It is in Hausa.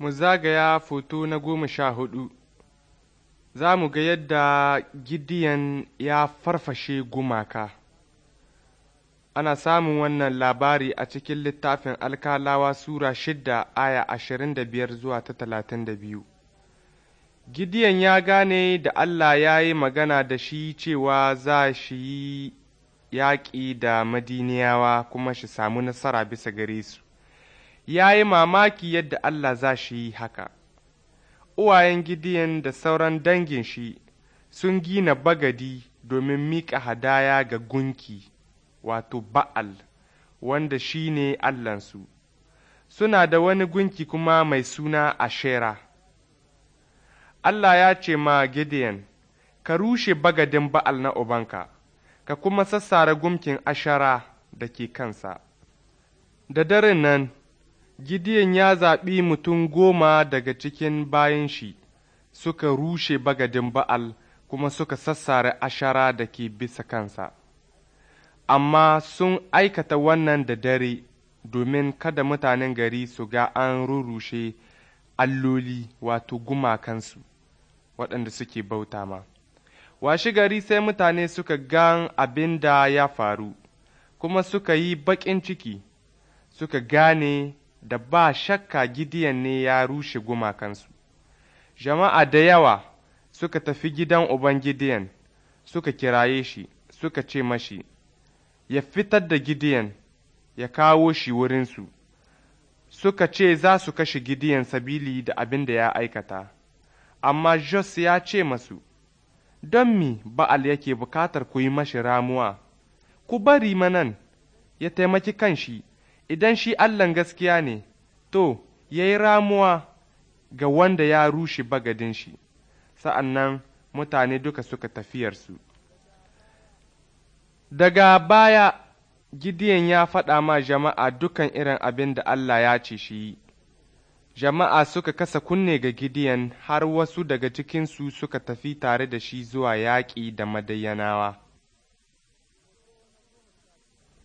mu zagaya foto na goma sha hudu za mu ga yadda gidiyan ya farfashe gumaka ana samun wannan labari a cikin littafin alkalawa sura shidda aya ashirin da biyar zuwa ta talatin da biyu gidiyan ya gane da allah ya yi magana da shi cewa za shi yi yaƙi da madiniyawa kuma shi samu nasara bisa gare su ya yi mamaki yadda Allah za shi yi haka. Uwayen Gideon da sauran dangin shi sun gina bagadi domin miƙa hadaya ga gunki, wato Ba'al, wanda shi ne Allahnsu. Suna da wani gunki kuma mai suna Ashera. Allah ya ce ma Gideon, Ka rushe bagadin Ba'al na Ubanka, ka kuma sassara gumkin Ashara da ke kansa. Da daren nan, Gideon ya zaɓi mutum goma daga cikin bayan shi, suka rushe bagadin Ba'al kuma suka sassare ashara da ke bisa kansa. Amma sun aikata wannan da dare domin kada mutanen gari su ga an rurrushe alloli wato gumakansu waɗanda suke bauta ma. Washi gari sai mutane suka gan abin da ya faru, kuma suka yi baƙin ciki, suka gane da ba shakka Gideon ne ya rushe gumakansu. Jama'a da yawa suka tafi gidan Uban Gideon, suka kiraye shi, suka ce mashi, ya fitar da Gideon, ya kawo shi wurinsu. Suka ce za su kashe Gideon sabili da abin da ya aikata, amma Jos ya ce masu, Don mi Ba'al yake bukatar ku yi mashi ramuwa, ku bari manan, ya taimaki kanshi. shi. idan shi Allahn gaskiya ne, to, ya yi ramuwa ga wanda ya rushe bagadin shi, sa'an nan mutane duka suka tafiyarsu. Daga baya, Gideon ya faɗa ma jama'a dukan irin abin da Allah ya ce shi yi. Jama'a suka kasa kunne ga Gideon har wasu daga cikinsu suka tafi tare da shi zuwa yaƙi da madayyanawa.